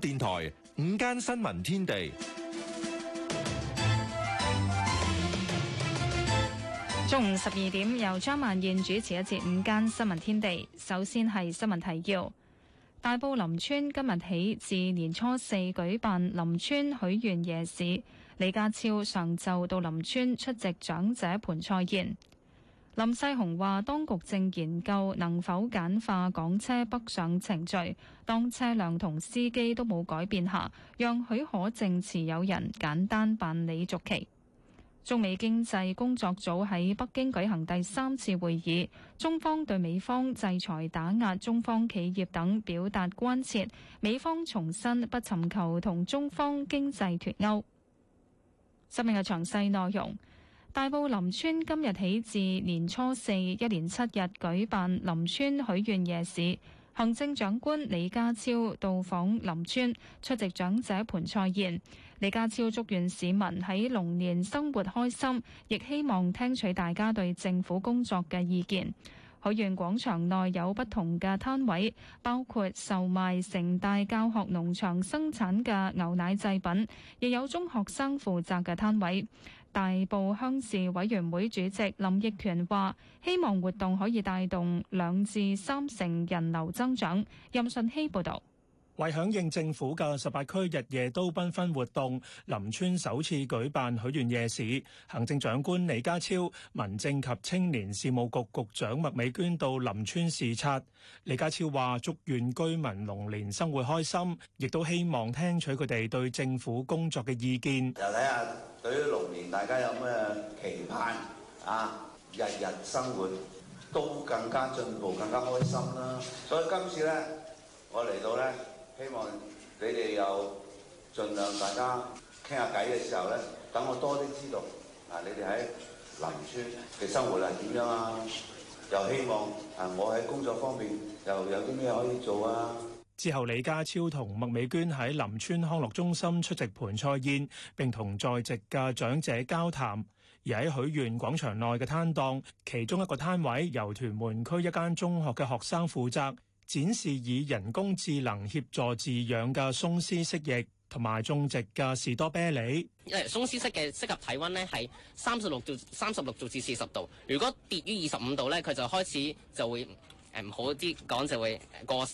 電台午間新聞天地，中午十二點由張曼燕主持一節午間新聞天地。首先係新聞提要：大埔林村今日起至年初四舉辦林村許願夜市。李家超上晝到林村出席長者盆菜宴。林世雄話：當局正研究能否簡化港車北上程序，當車輛同司機都冇改變下，讓許可證持有人簡單辦理續期。中美經濟工作組喺北京舉行第三次會議，中方對美方制裁打壓中方企業等表達關切，美方重申不尋求同中方經濟脫鉤。新聞嘅詳細內容。大埔林村今日起至年初四一連七日舉辦林村許願夜市，行政長官李家超到訪林村出席長者盆菜宴。李家超祝願市民喺龍年生活開心，亦希望聽取大家對政府工作嘅意見。許願廣場內有不同嘅攤位，包括售賣城大教學農場生產嘅牛奶製品，亦有中學生負責嘅攤位。大埔鄉事委員會主席林奕權話：希望活動可以帶動兩至三成人流增長。任信希報導。為響應政府嘅十八區日夜都繽紛，紛活動，林村首次舉辦許願夜市。行政長官李家超、民政及青年事務局局長麥美娟到林村視察。李家超話：祝願居民龍年生活開心，亦都希望聽取佢哋對政府工作嘅意見。對於龍年，大家有咩期盼啊？日日生活都更加進步，更加開心啦、啊！所以今次呢，我嚟到呢，希望你哋又盡量大家傾下偈嘅時候呢，等我多啲知道啊！你哋喺農村嘅生活係點樣啊？又希望啊，我喺工作方面又有啲咩可以做啊？之後，李家超同麥美娟喺林村康樂中心出席盆菜宴，並同在席嘅長者交談。而喺許願廣場內嘅攤檔，其中一個攤位由屯門區一間中學嘅學生負責，展示以人工智能協助飼養嘅鬆獅蜥蜴，同埋種植嘅士多啤梨。鬆獅蜥嘅適合體溫呢係三十六度，三十六度至四十度。如果跌於二十五度呢，佢就開始就會。唔好啲講就會過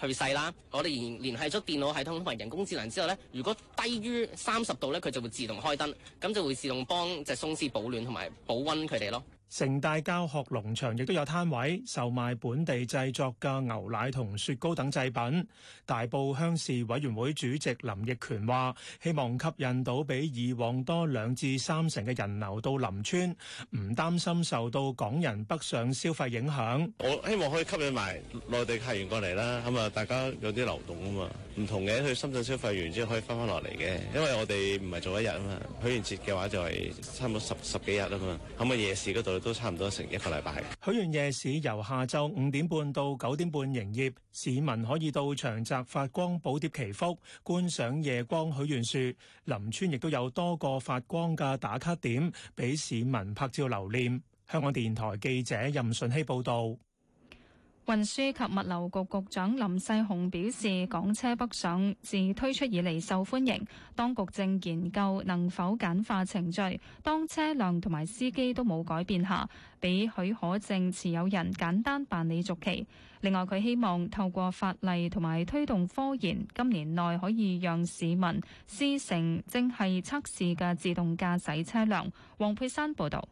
去世啦。我哋連連係咗電腦系統同埋人工智能之後呢，如果低於三十度呢，佢就會自動開燈，咁就會自動幫隻鬆獅保暖同埋保溫佢哋囉。城大教學農場亦都有攤位售賣本地製作嘅牛奶同雪糕等製品。大埔鄉事委員會主席林奕權話，希望吸引到比以往多兩至三成嘅人流到林村，唔擔心受到港人北上消費影響。我希望可以吸引埋內地客源過嚟啦，咁啊，大家有啲流動啊嘛，唔同嘅去深圳消費完之後可以翻翻落嚟嘅，因為我哋唔係做一日啊嘛，許願節嘅話就係差唔多十十幾日啊嘛，咁啊夜市嗰度。都差唔多成一個禮拜。許願夜市由下晝五點半到九點半營業，市民可以到場擲發光寶牒祈福，觀賞夜光許願樹。林村亦都有多個發光嘅打卡點，俾市民拍照留念。香港電台記者任順熙報道。運輸及物流局局長林世雄表示，港車北上自推出以嚟，受歡迎，當局正研究能否簡化程序，當車輛同埋司機都冇改變下，俾許可證持有人簡單辦理續期。另外，佢希望透過法例同埋推動科研，今年內可以讓市民試乘正係測試嘅自動駕駛車輛。黃佩珊報道。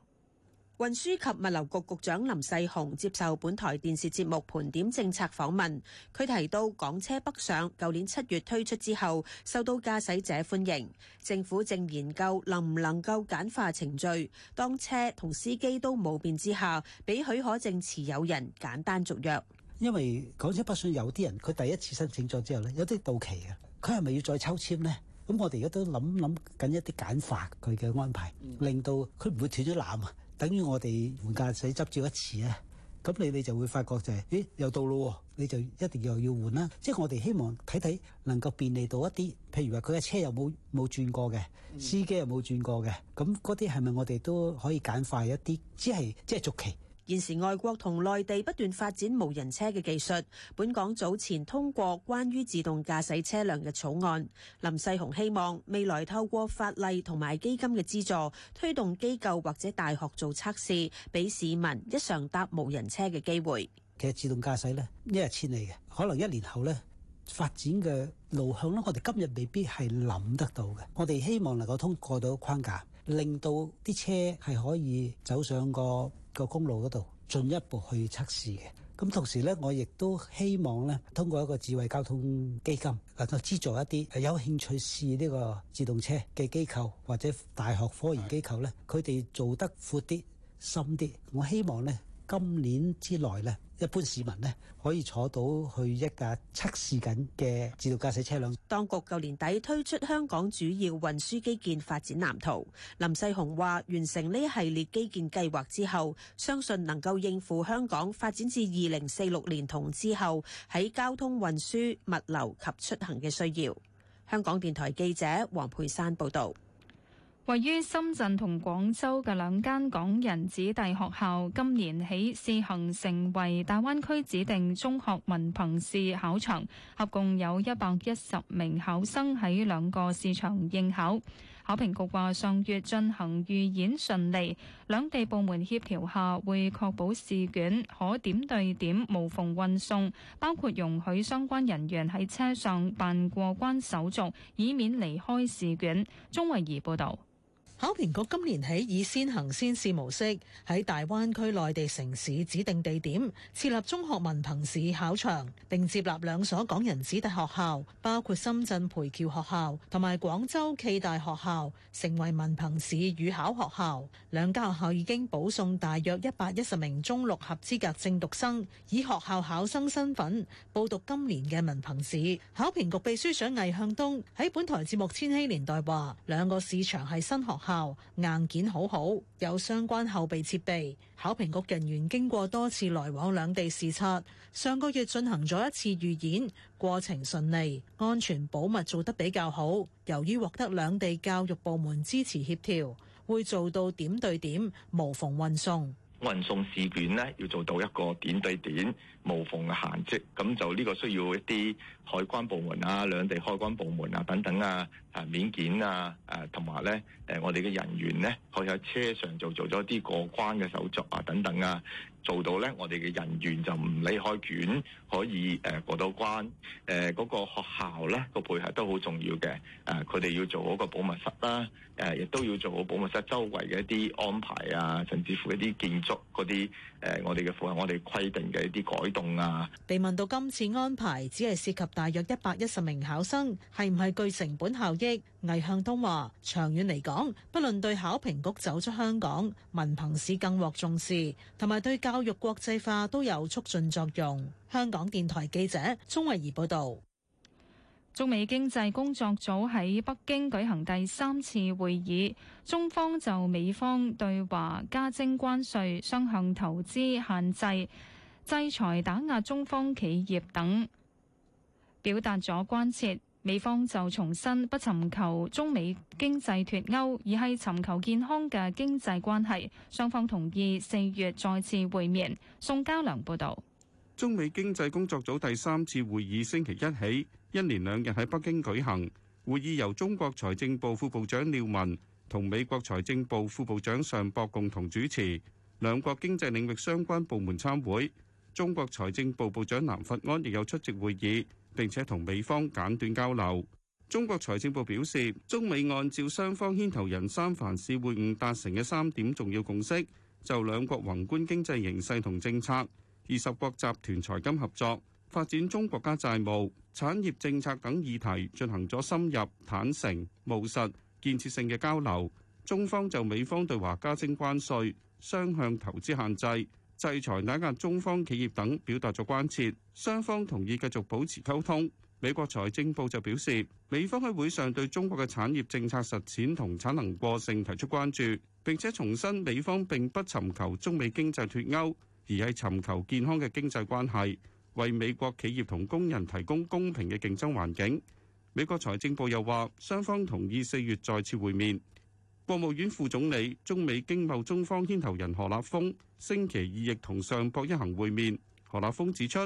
運輸及物流局局長林世雄接受本台電視節目盤點政策訪問，佢提到港車北上，舊年七月推出之後，受到駕駛者歡迎。政府正研究能唔能夠簡化程序，當車同司機都冇變之下，俾許可證持有人簡單續約。因為港車北上有啲人，佢第一次申請咗之後呢，有啲到期嘅，佢係咪要再抽籤呢？咁我哋而家都諗諗緊一啲簡化佢嘅安排，令到佢唔會斷咗纜啊。等於我哋換駕駛執照一次啊，咁你你就會發覺就係、是，咦又到咯，你就一定又要換啦。即係我哋希望睇睇能夠便利到一啲，譬如話佢嘅車又冇冇轉過嘅，嗯、司機又冇轉過嘅，咁嗰啲係咪我哋都可以簡快一啲，只係即係續期。現時，外國同內地不斷發展無人車嘅技術。本港早前通過關於自動駕駛車輛嘅草案。林世雄希望未來透過法例同埋基金嘅資助，推動機構或者大學做測試，俾市民一嘗搭無人車嘅機會。其實自動駕駛呢，一日千里嘅，可能一年後呢，發展嘅路向呢，我哋今日未必係諗得到嘅。我哋希望能夠通過到框架，令到啲車係可以走上個個公路嗰度進一步去測試嘅，咁同時咧，我亦都希望咧，通過一個智慧交通基金能夠資助一啲有興趣試呢個自動車嘅機構或者大學科研機構咧，佢哋做得闊啲、深啲，我希望咧。今年之內呢，一般市民呢，可以坐到去一架測試緊嘅自動駕駛車輛。當局舊年底推出香港主要運輸基建發展藍圖，林世雄話：完成呢一系列基建計劃之後，相信能夠應付香港發展至二零四六年同之後喺交通運輸、物流及出行嘅需要。香港電台記者黃佩山報道。位於深圳同廣州嘅兩間港人子弟學校，今年起試行成為大灣區指定中學文憑試考場，合共有一百一十名考生喺兩個試場應考。考評局話，上月進行預演順利，兩地部門協調下會確保試卷可點對點無縫運送，包括容許相關人員喺車上辦過關手續，以免離開試卷。鐘慧儀報導。考評局今年起以先行先試模式，喺大灣區內地城市指定地點設立中學文憑試考場，並接納兩所港人子弟學校，包括深圳培僑學校同埋廣州暨大學校，成為文憑試與考學校。兩間學校已經保送大約一百一十名中六合資格正讀生，以學校考生身份報讀今年嘅文憑試。考評局秘書長魏向東喺本台節目《千禧年代》話，兩個市場係新學校。校硬件好好，有相關後備設備。考評局人員經過多次來往兩地視察，上個月進行咗一次預演，過程順利，安全保密做得比較好。由於獲得兩地教育部門支持協調，會做到點對點無縫運送。運送試卷咧，要做到一個點對點，無縫嘅連接，咁就呢個需要一啲海關部門啊、兩地海關部門啊等等啊啊，免檢啊，誒同埋咧，誒我哋嘅人員咧，可以喺車上就做咗啲過關嘅手續啊，等等啊。做到咧，我哋嘅人員就唔理開卷可以誒過到關。誒嗰個學校咧個配合都好重要嘅。誒佢哋要做嗰個保密室啦，誒亦都要做好保密室周圍嘅一啲安排啊，甚至乎一啲建築嗰啲誒我哋嘅符合我哋規定嘅一啲改動啊。被問到今次安排只係涉及大約一百一十名考生，係唔係具成本效益？魏向東話：長遠嚟講，不論對考評局走出香港、文憑試更獲重視，同埋對教教育國際化都有促進作用。香港電台記者鍾慧儀報道，中美經濟工作組喺北京舉行第三次會議，中方就美方對華加徵關稅，雙向投資限制、制裁打壓中方企業等，表達咗關切。美方就重申不尋求中美經濟脫歐，而係尋求健康嘅經濟關係，雙方同意四月再次會面。宋嘉良報道。中美經濟工作組第三次會議星期一起一連兩日喺北京舉行。會議由中國財政部副部長廖岷同美國財政部副部長尚博共同主持。兩國經濟領域相關部門參會，中國財政部部長南佛安亦有出席會議並且同美方簡短交流。中國財政部表示，中美按照雙方牽頭人三藩市會晤達成嘅三點重要共識，就兩國宏觀經濟形勢同政策、二十國集團財金合作、發展中國家債務、產業政策等議題進行咗深入、坦誠、務實、建設性嘅交流。中方就美方對華加徵關稅、雙向投資限制，制裁打壓中方企業等，表達咗關切。雙方同意繼續保持溝通。美國財政部就表示，美方喺會上對中國嘅產業政策實踐同產能過剩提出關注，並且重申美方並不尋求中美經濟脫鈎，而係尋求健康嘅經濟關係，為美國企業同工人提供公平嘅競爭環境。美國財政部又話，雙方同意四月再次會面。國務院副總理、中美經貿中方牽頭人何立峰星期二亦同上博一行會面，何立峯指出，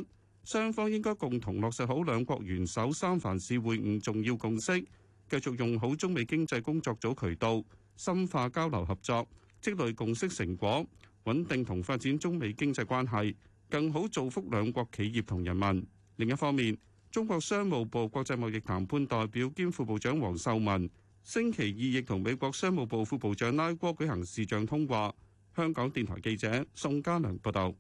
雙方應該共同落實好兩國元首三藩市會晤重要共識，繼續用好中美經濟工作組渠道，深化交流合作，積累共識成果，穩定同發展中美經濟關係，更好造福兩國企業同人民。另一方面，中國商務部國際貿易談判代表兼副部長黃秀文星期二亦同美國商務部副部長拉哥舉行視像通話。香港電台記者宋家良報道。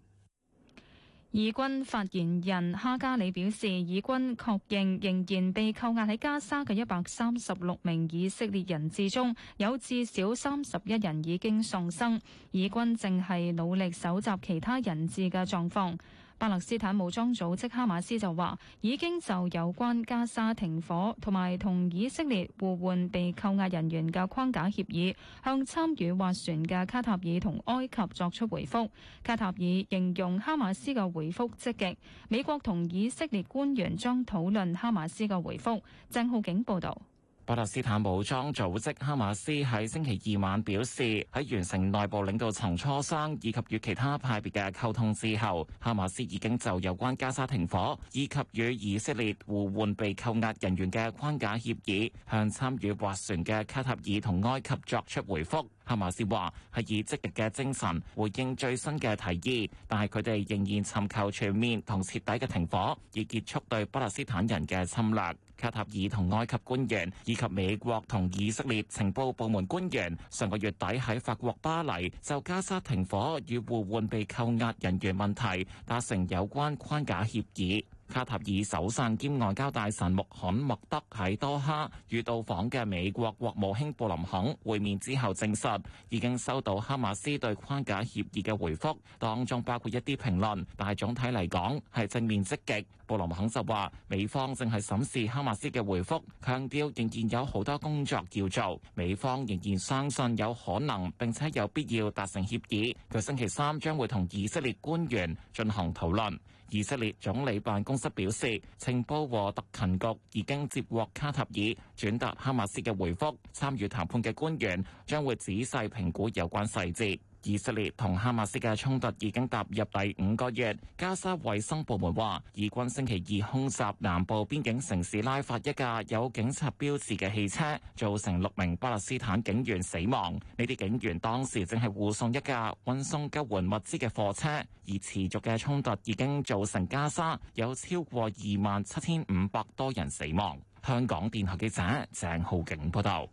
以軍發言人哈加里表示，以軍確認仍然被扣押喺加沙嘅一百三十六名以色列人質中，有至少三十一人已經喪生。以軍正係努力搜集其他人質嘅狀況。巴勒斯坦武裝組織哈馬斯就話，已經就有關加沙停火同埋同以色列互換被扣押人員嘅框架協議，向參與斡旋嘅卡塔爾同埃及作出回覆。卡塔爾形容哈馬斯嘅回覆積極，美國同以色列官員將討論哈馬斯嘅回覆。鄭浩景報道。巴勒斯坦武裝組織哈馬斯喺星期二晚表示，喺完成內部領導層磋商以及與其他派別嘅溝通之後，哈馬斯已經就有關加沙停火以及與以色列互換被扣押人員嘅框架協議向參與斡旋嘅卡塔爾同埃及作出回覆。哈馬斯話，係以積極嘅精神回應最新嘅提議，但係佢哋仍然尋求全面同徹底嘅停火，以結束對巴勒斯坦人嘅侵略。卡塔爾同埃及官員以及美國同以色列情報部門官員上個月底喺法國巴黎就加沙停火與互換被扣押人員問題達成有關框架協議。卡塔爾首相兼外交大臣穆罕默德喺多哈與到訪嘅美國國務卿布林肯會面之後，證實已經收到哈馬斯對框架協議嘅回覆，當中包括一啲評論，但係總體嚟講係正面積極。布林肯就話：美方正係審視哈馬斯嘅回覆，強調仍然有好多工作要做。美方仍然相信有可能並且有必要達成協議。佢星期三將會同以色列官員進行討論。以色列總理辦公室表示，情報和特勤局已經接獲卡塔爾轉達哈馬斯嘅回覆，參與談判嘅官員將會仔細評估有關細節。以色列同哈馬斯嘅衝突已經踏入第五個月。加沙衛生部門話，以軍星期二空襲南部邊境城市拉法一架有警察標誌嘅汽車，造成六名巴勒斯坦警員死亡。呢啲警員當時正係護送一架運送救援物資嘅貨車，而持續嘅衝突已經造成加沙有超過二萬七千五百多人死亡。香港電台記者鄭浩景報道。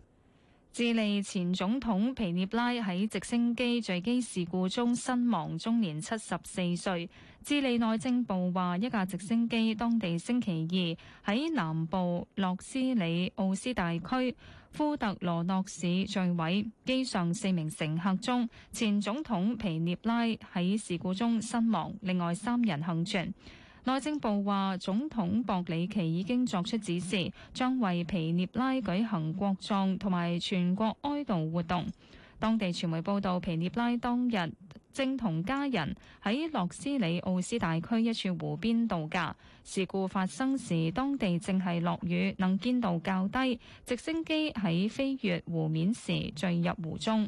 智利前總統皮涅拉喺直升機墜機事故中身亡，終年七十四歲。智利內政部話，一架直升機當地星期二喺南部洛斯里奧斯大區弗特羅諾市墜毀，機上四名乘客中，前總統皮涅拉喺事故中身亡，另外三人倖存。內政部話，總統博里奇已經作出指示，將為皮涅拉舉行國葬同埋全國哀悼活動。當地傳媒報道，皮涅拉當日正同家人喺洛斯里奧斯大區一處湖邊度假。事故發生時，當地正係落雨，能見度較低，直升機喺飛越湖面時墜入湖中。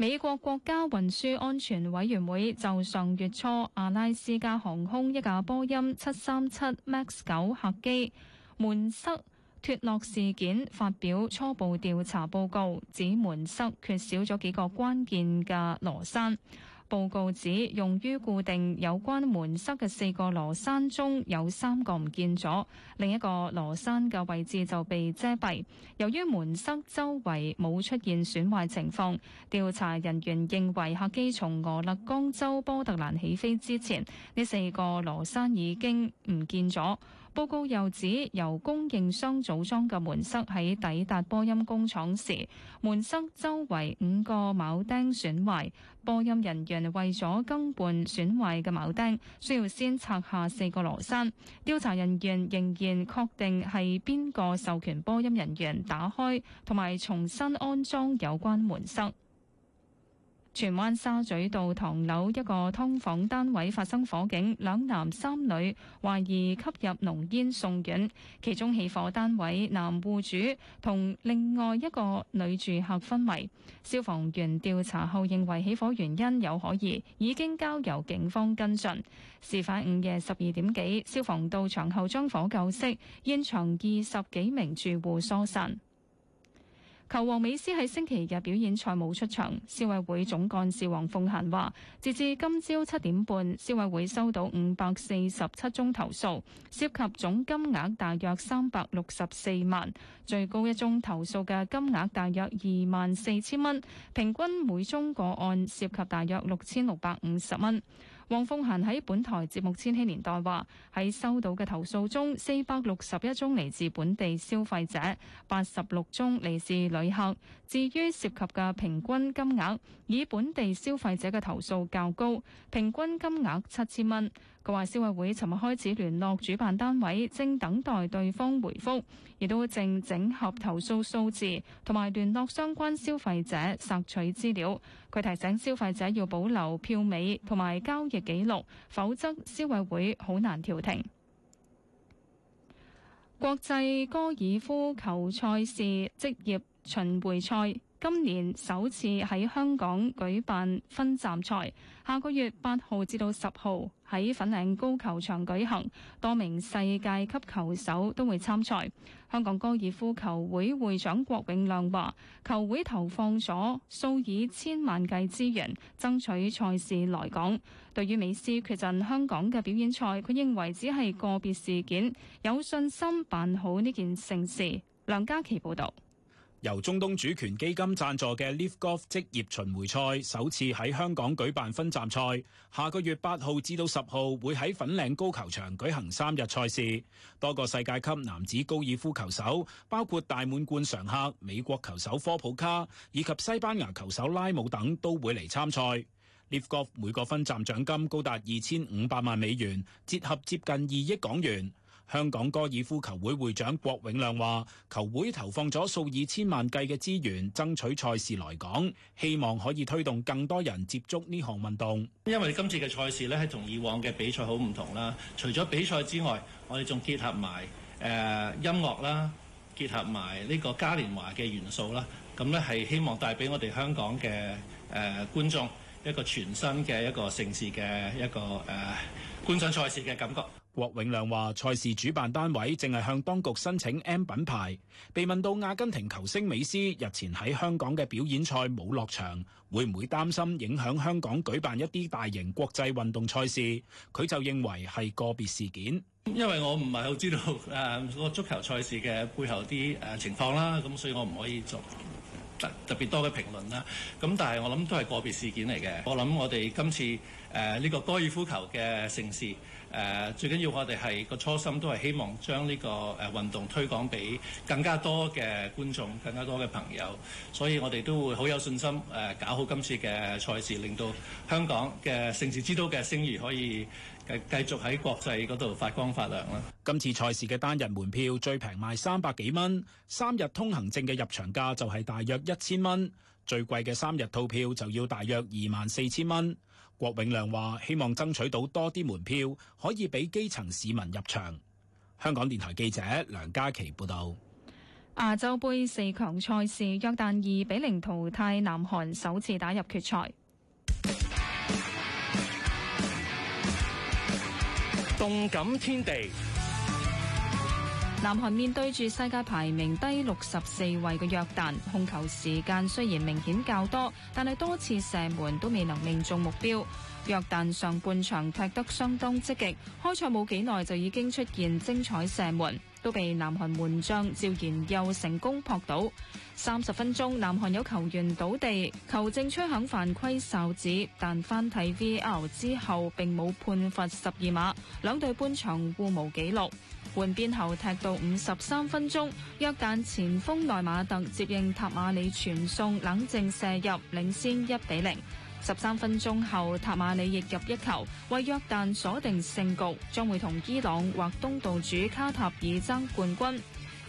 美國國家運輸安全委員會就上月初阿拉斯加航空一架波音七三七 MAX 九客機門塞脫落事件發表初步調查報告，指門塞缺少咗幾個關鍵嘅螺栓。報告指，用於固定有關門塞嘅四個螺栓中有三個唔見咗，另一個螺栓嘅位置就被遮蔽。由於門塞周圍冇出現損壞情況，調查人員認為客機從俄勒岡州波特蘭起飛之前，呢四個螺栓已經唔見咗。報告又指，由供應商組裝嘅門塞喺抵達波音工廠時，門塞周圍五個鉚釘損壞。波音人員為咗更換損壞嘅鉚釘，需要先拆下四個螺栓。調查人員仍然確定係邊個授權波音人員打開同埋重新安裝有關門塞。荃灣沙咀道唐樓一個㓥房單位發生火警，兩男三女懷疑吸入濃煙送院，其中起火單位男戶主同另外一個女住客昏迷。消防員調查後認為起火原因有可疑，已經交由警方跟進。事發午夜十二點幾，消防到場後將火救熄，現場二十幾名住戶疏散。球王美斯喺星期日表演賽冇出場，消委會總幹事黃鳳嫻話，截至今朝七點半，消委會收到五百四十七宗投訴，涉及總金額大約三百六十四萬，最高一宗投訴嘅金額大約二萬四千蚊，平均每宗個案涉及大約六千六百五十蚊。黃鳳嫻喺本台節目《千禧年代》話：喺收到嘅投訴中，四百六十一宗嚟自本地消費者，八十六宗嚟自旅客。至於涉及嘅平均金額，以本地消費者嘅投訴較高，平均金額七千蚊。佢話消委會尋日開始聯絡主辦單位，正等待對方回覆，亦都正整合投訴數字，同埋聯絡相關消費者索取資料。佢提醒消費者要保留票尾同埋交易記錄，否則消委會好難調停。國際高爾夫球賽事職業巡迴賽。今年首次喺香港舉辦分站賽，下個月八號至到十號喺粉嶺高球場舉行，多名世界級球手都會參賽。香港高爾夫球會會長郭永亮話，球會投放咗數以千萬計資源，爭取賽事來港。對於美斯缺陣香港嘅表演賽，佢認為只係個別事件，有信心辦好呢件盛事。梁家琪報道。由中東主權基金贊助嘅 LIV Golf 職業巡回賽首次喺香港舉辦分站賽，下個月八號至到十號會喺粉嶺高球場舉行三日賽事。多個世界級男子高爾夫球手，包括大滿貫常客美國球手科普卡以及西班牙球手拉姆等，都會嚟參賽。LIV Golf 每個分站獎金高達二千五百萬美元，折合接近二億港元。香港高爾夫球會會長郭永亮話：球會投放咗數以千萬計嘅資源，爭取賽事來港，希望可以推動更多人接觸呢項運動。因為今次嘅賽事咧，係同以往嘅比賽好唔同啦。除咗比賽之外，我哋仲結合埋誒、呃、音樂啦，結合埋呢個嘉年華嘅元素啦。咁咧，係希望帶俾我哋香港嘅誒、呃、觀眾一個全新嘅一個盛事嘅一個誒、呃、觀賞賽事嘅感覺。郭永亮話：賽事主辦單位正係向當局申請 M 品牌。被問到阿根廷球星美斯日前喺香港嘅表演賽冇落場，會唔會擔心影響香港舉辦一啲大型國際運動賽事？佢就認為係個別事件，因為我唔係好知道誒個足球賽事嘅背後啲誒情況啦，咁所以我唔可以做特特別多嘅評論啦。咁但係我諗都係個別事件嚟嘅。我諗我哋今次誒呢個高爾夫球嘅盛事。最緊要的我哋係個初心都係希望將呢個運動推廣俾更加多嘅觀眾，更加多嘅朋友，所以我哋都會好有信心搞好今次嘅賽事，令到香港嘅盛事之都嘅聲譽可以繼續喺國際嗰度發光發亮啦。今次賽事嘅單日門票最平賣三百幾蚊，三日通行證嘅入場價就係大約一千蚊，最貴嘅三日套票就要大約二萬四千蚊。郭永亮話，希望爭取到多啲門票，可以俾基層市民入場。香港電台記者梁嘉琪報道。亞洲盃四強賽事，約旦二比零淘汰南韓，首次打入決賽。動感天地。南韓面對住世界排名低六十四位嘅約旦，控球時間雖然明顯較多，但係多次射門都未能命中目標。約旦上半場踢得相當積極，開賽冇幾耐就已經出現精彩射門，都被南韓門將趙賢佑成功撲倒。三十分鐘，南韓有球員倒地，球證吹響犯規哨子，但翻睇 VAR 之後並冇判罰十二碼。兩隊半場互無紀錄。換邊後踢到五十三分鐘，約旦前鋒內馬特接應塔馬里傳送冷靜射入，領先一比零。十三分鐘後，塔馬里亦入一球，為約旦鎖定勝局，將會同伊朗或東道主卡塔爾爭冠軍。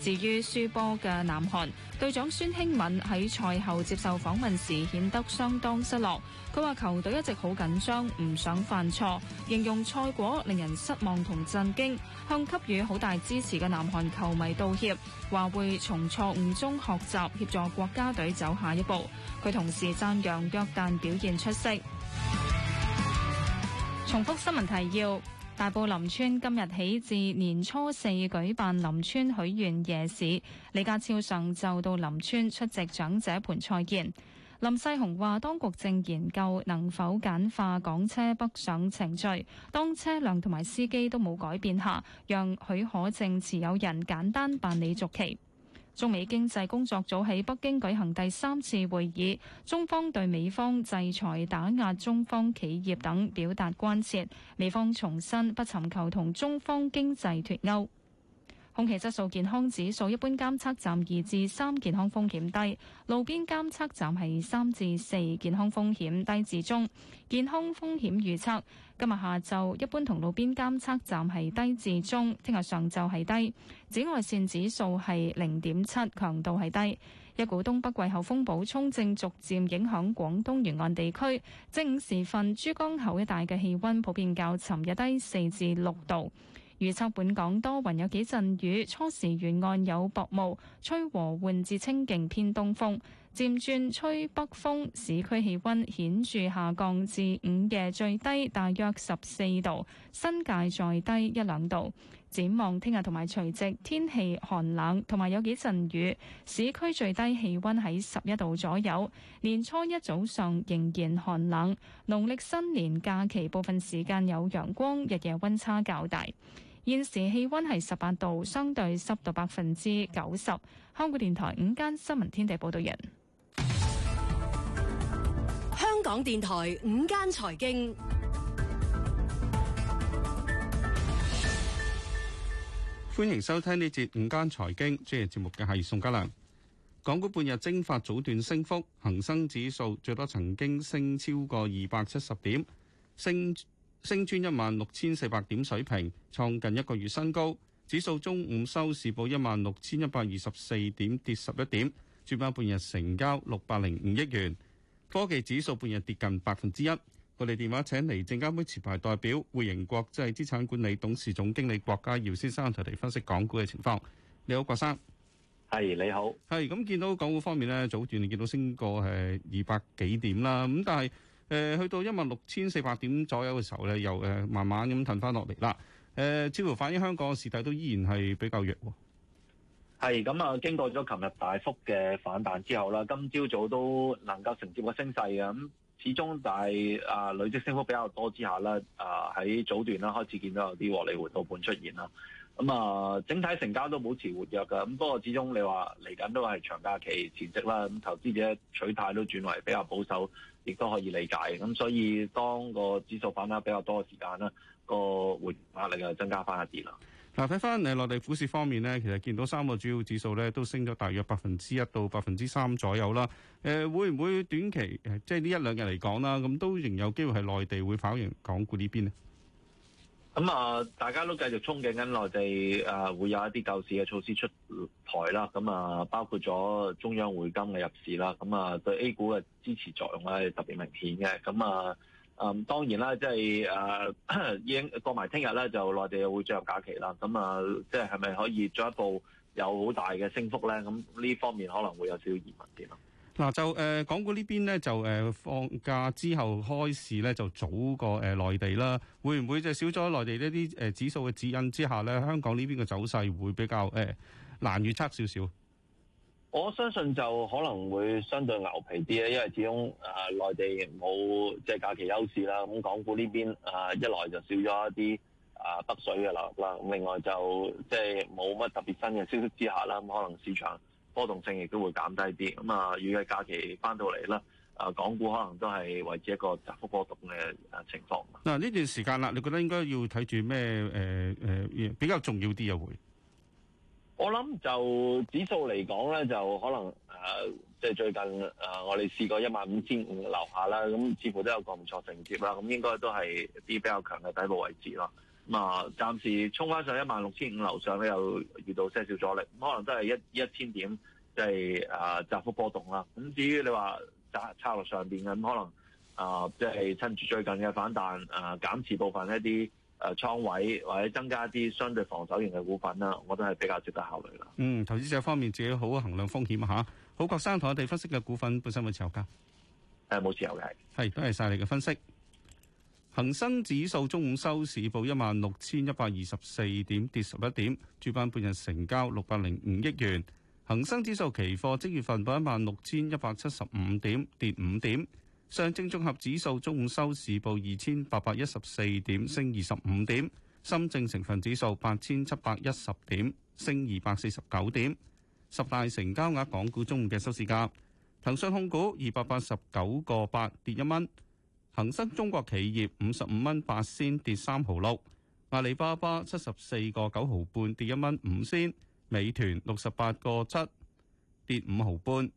至於輸波嘅南韓隊長孫興敏喺賽後接受訪問時，顯得相當失落。佢話球隊一直好緊張，唔想犯錯，形容賽果令人失望同震驚，向給予好大支持嘅南韓球迷道歉，話會從錯誤中學習，協助國家隊走下一步。佢同時讚揚約旦表現出色。重複新聞提要。大埔林村今日起至年初四舉辦林村許願夜市，李家超上晝到林村出席長者盆菜宴。林世雄話：當局正研究能否簡化港車北上程序，當車輛同埋司機都冇改變下，讓許可證持有人簡單辦理續期。中美經濟工作組喺北京舉行第三次會議，中方對美方制裁打壓中方企業等表達關切，美方重申不尋求同中方經濟脫鉤。空氣質素健康指數一般監測站二至三，健康風險低；路邊監測站係三至四，健康風險低至中。健康風險預測今日下晝一般同路邊監測站係低至中，聽日上晝係低。紫外線指數係零點七，強度係低。一股東北季候風補充正逐漸影響廣東沿岸地區。正午時分，珠江口一帶嘅氣溫普遍較尋日低四至六度。預測本港多雲，有幾陣雨。初時沿岸有薄霧，吹和緩至清勁偏東風。漸轉吹北風，市區氣溫顯著下降至午夜最低，大約十四度，新界再低一兩度。展望聽日同埋除夕天氣寒冷，同埋有幾陣雨，市區最低氣溫喺十一度左右。年初一早上仍然寒冷。農曆新年假期部分時間有陽光，日夜溫差較大。現時氣溫係十八度，相對濕度百分之九十。香港電台午間新聞天地報道人，香港電台午間財經，歡迎收聽呢節午間財經主持節目嘅係宋家良。港股半日蒸發早段升幅，恒生指數最多曾經升超過二百七十點，升。升穿一萬六千四百點水平，創近一個月新高。指數中午收市報一萬六千一百二十四點，跌十一點。主板半日成交六百零五億元。科技指數半日跌近百分之一。我哋電話請嚟證監會持牌代表匯盈國際資產管理董事總經理郭家耀先生，同我哋分析港股嘅情況。你好，郭生。係你好。係咁，見到港股方面呢，早段見到升過誒二百幾點啦。咁但係。誒去到一萬六千四百點左右嘅時候咧，又誒慢慢咁騰翻落嚟啦。誒似乎反映香港嘅市態都依然係比較弱。係咁啊，經過咗琴日大幅嘅反彈之後啦，今朝早，早都能夠承接個升勢嘅。咁始終但係、呃、累積升幅比較多之下啦，啊、呃、喺早段啦開始見到有啲獲利回吐盤出現啦。咁啊，整體成交都保持活躍嘅。咁不過始終你話嚟緊都係長假期前夕啦，咁投資者取態都轉為比較保守。亦都可以理解，咁所以當個指數反彈比較多嘅時間咧，個活壓力又增加翻一啲啦。嗱，睇翻誒內地股市方面咧，其實見到三個主要指數咧都升咗大約百分之一到百分之三左右啦。誒會唔會短期誒即係呢一兩日嚟講啦，咁都仍有機會係內地會反迎港股呢邊呢？咁啊，大家都繼續憧憬緊內地，誒會有一啲救市嘅措施出台啦。咁啊，包括咗中央匯金嘅入市啦。咁啊，對 A 股嘅支持作用係特別明顯嘅。咁啊，嗯，當然啦，即係已經過埋聽日咧，就內地又會進入假期啦。咁啊，即係係咪可以進一步有好大嘅升幅咧？咁呢方面可能會有少少疑問啲咯。嗱、啊，就誒、呃、港股這邊呢邊咧，就誒、呃、放假之後開市咧，就早過誒、呃、內地啦。會唔會就少咗內地呢啲誒指數嘅指引之下咧，香港呢邊嘅走勢會比較誒、呃、難預測少少？我相信就可能會相對牛皮啲啊，因為始終啊、呃、內地冇即係假期優勢啦。咁、嗯、港股呢邊啊一來就少咗一啲啊北水嘅流入、嗯，另外就即係冇乜特別新嘅消息之下啦，咁、嗯、可能市場，波動性亦都會減低啲，咁啊預計假期翻到嚟啦，啊港股可能都係維持一個窄幅波動嘅情況。嗱，呢段時間啦，你覺得應該要睇住咩？誒、呃、誒、呃，比較重要啲又會？我諗就指數嚟講咧，就可能誒，即、呃、係、就是、最近誒，我哋試過一萬五千五樓下啦，咁似乎都有個唔錯承接啦，咁應該都係啲比較強嘅底部位置咯。啊，暫時衝翻上一萬六千五樓上咧，又遇到些少阻力，可能都係一一千點，即係啊窄幅波動啦。咁至於你話揸抄落上邊，咁可能啊即係趁住最近嘅反彈，啊減持部分一啲啊倉位，或者增加一啲相對防守型嘅股份啦，我覺得係比較值得考慮啦。嗯，投資者方面自己好衡量風險嚇。好，郭生同我哋分析嘅股份本身有冇持有噶？誒，冇持有嘅係。係，多謝曬你嘅分析。恒生指數中午收市報一萬六千一百二十四點，跌十一點。主板半日成交六百零五億元。恒生指數期貨即月份報一萬六千一百七十五點，跌五點。上證綜合指數中午收市報二千八百一十四點，升二十五點。深證成分指數八千七百一十點，升二百四十九點。十大成交額港股中午嘅收市價，騰訊控股二百八十九個八，跌一蚊。恒生中國企業五十五蚊八仙跌三毫六，阿里巴巴七十四個九毫半跌一蚊五仙，美團六十八個七跌五毫半，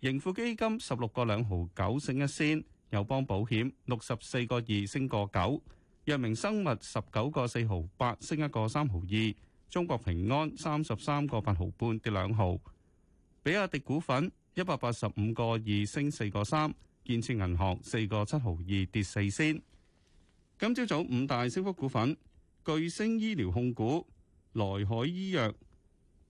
盈富基金十六個兩毫九升一仙，友邦保險六十四個二升個九，藥明生物十九個四毫八升一個三毫二，中國平安三十三個八毫半跌兩毫，比亞迪股份一百八十五個二升四個三。建設銀行四個七毫二跌四仙。今朝早，早五大升幅股份：巨星醫療控股、萊海醫藥、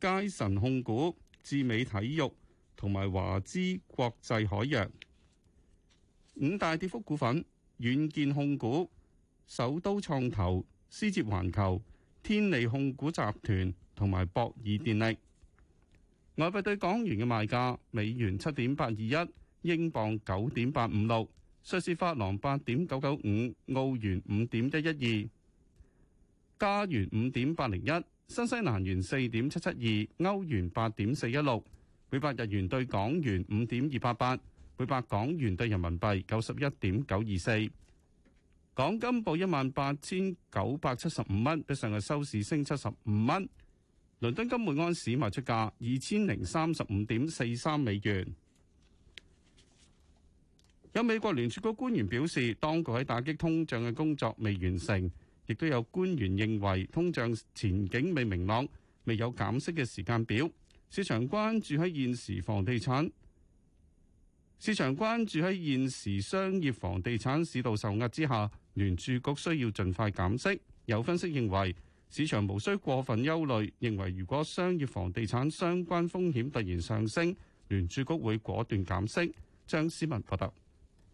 佳神控股、智美體育同埋華資國際海藥。五大跌幅股份：遠見控股、首都創投、思捷環球、天利控股集團同埋博爾電力。外幣對港元嘅賣價：美元七點八二一。英鎊九點八五六，瑞士法郎八點九九五，澳元五點一一二，加元五點八零一，新西蘭元四點七七二，歐元八點四一六，每百日元對港元五點二八八，每百港元對人民幣九十一點九二四。港金報一萬八千九百七十五蚊，比上日收市升七十五蚊。倫敦金每安士賣出價二千零三十五點四三美元。有美國聯儲局官員表示，當局喺打擊通脹嘅工作未完成，亦都有官員認為通脹前景未明朗，未有減息嘅時間表。市場關注喺現時房地產，市場關注喺現時商業房地產市道受壓之下，聯儲局需要盡快減息。有分析認為，市場無需過分憂慮，認為如果商業房地產相關風險突然上升，聯儲局會果斷減息。張思文報道。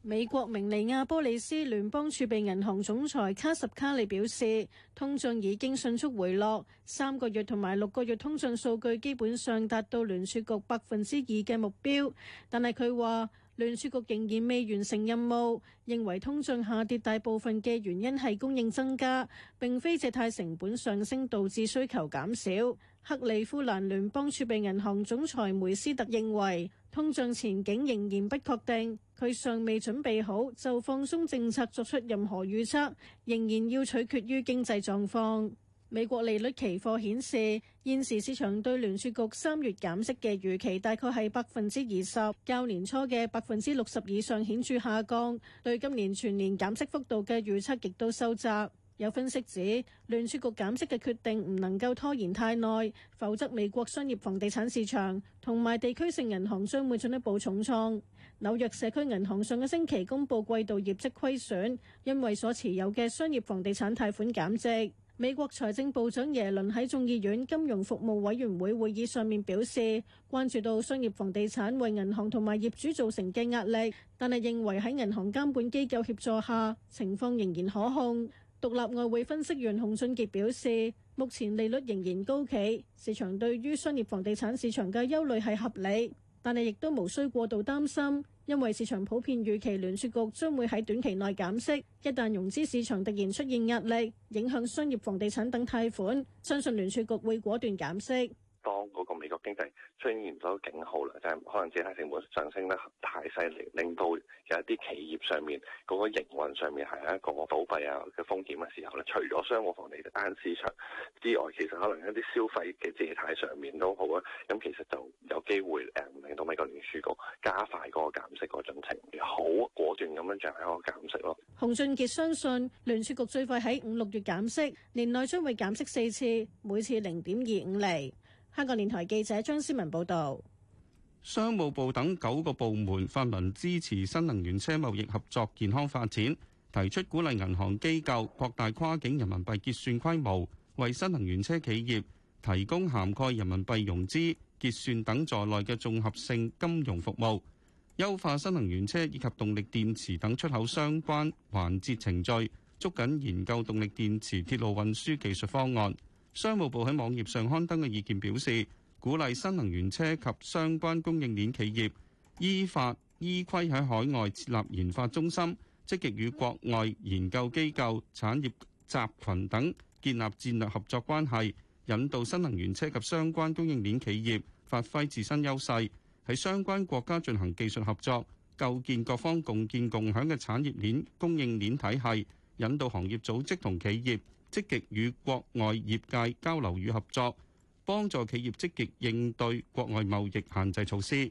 美國明尼亞波利斯聯邦儲備銀行總裁卡什卡利表示，通脹已經迅速回落，三個月同埋六個月通脹數據基本上達到聯儲局百分之二嘅目標，但係佢話，聯儲局仍然未完成任務，認為通脹下跌大部分嘅原因係供應增加，並非借貸成本上升導致需求減少。克里夫蘭聯邦儲備銀行總裁梅斯特認為通脹前景仍然不確定，佢尚未準備好就放鬆政策作出任何預測，仍然要取決於經濟狀況。美國利率期貨顯示，現時市場對聯儲局三月減息嘅預期大概係百分之二十，較年初嘅百分之六十以上顯著下降。對今年全年減息幅度嘅預測亦都收窄。有分析指，聯儲局減息嘅決定唔能夠拖延太耐，否則美國商業房地產市場同埋地區性銀行將會進一步重創。紐約社區銀行上個星期公布季度業績虧損，因為所持有嘅商業房地產貸款減值。美國財政部長耶倫喺眾議院金融服務委員會會議上面表示，關注到商業房地產為銀行同埋業主造成嘅壓力，但係認為喺銀行監管機構協助下，情況仍然可控。獨立外匯分析員洪俊傑表示，目前利率仍然高企，市場對於商業房地產市場嘅憂慮係合理，但係亦都無需過度擔心。因為市場普遍預期聯儲局將會喺短期內減息，一旦融資市場突然出現壓力，影響商業房地產等貸款，相信聯儲局會果斷減息。當嗰個美國經濟出現咗警號啦，就係可能借貸成本上升得太犀利，令到有一啲企業上面嗰個營運上面係一個倒閉啊嘅風險嘅時候咧，除咗商戶、房地產市場之外，其實可能一啲消費嘅借貸上面都好啊。咁其實就有機會誒，令到美國聯儲局加快嗰個減息嗰個進程，好果斷咁樣進行個減息咯。洪俊傑相信聯儲局最快喺五六月減息，年內將會減息四次，每次零點二五厘。香港電台記者張思文報道，商務部等九個部門發文支持新能源車貿易合作健康發展，提出鼓勵銀行機構擴大跨境人民幣結算規模，為新能源車企業提供涵蓋人民幣融資、結算等在內嘅綜合性金融服務，優化新能源車以及動力電池等出口相關環節程序，捉緊研究動力電池鐵路運輸技術方案。商務部喺網頁上刊登嘅意見表示，鼓勵新能源車及相關供應鏈企業依法依規喺海外設立研發中心，積極與國外研究機構、產業集群等建立戰略合作關係，引導新能源車及相關供應鏈企業發揮自身優勢，喺相關國家進行技術合作，構建各方共建共享嘅產業鏈、供應鏈體系，引導行業組織同企業。積極與國外業界交流與合作，幫助企業積極應對國外貿易限制措施。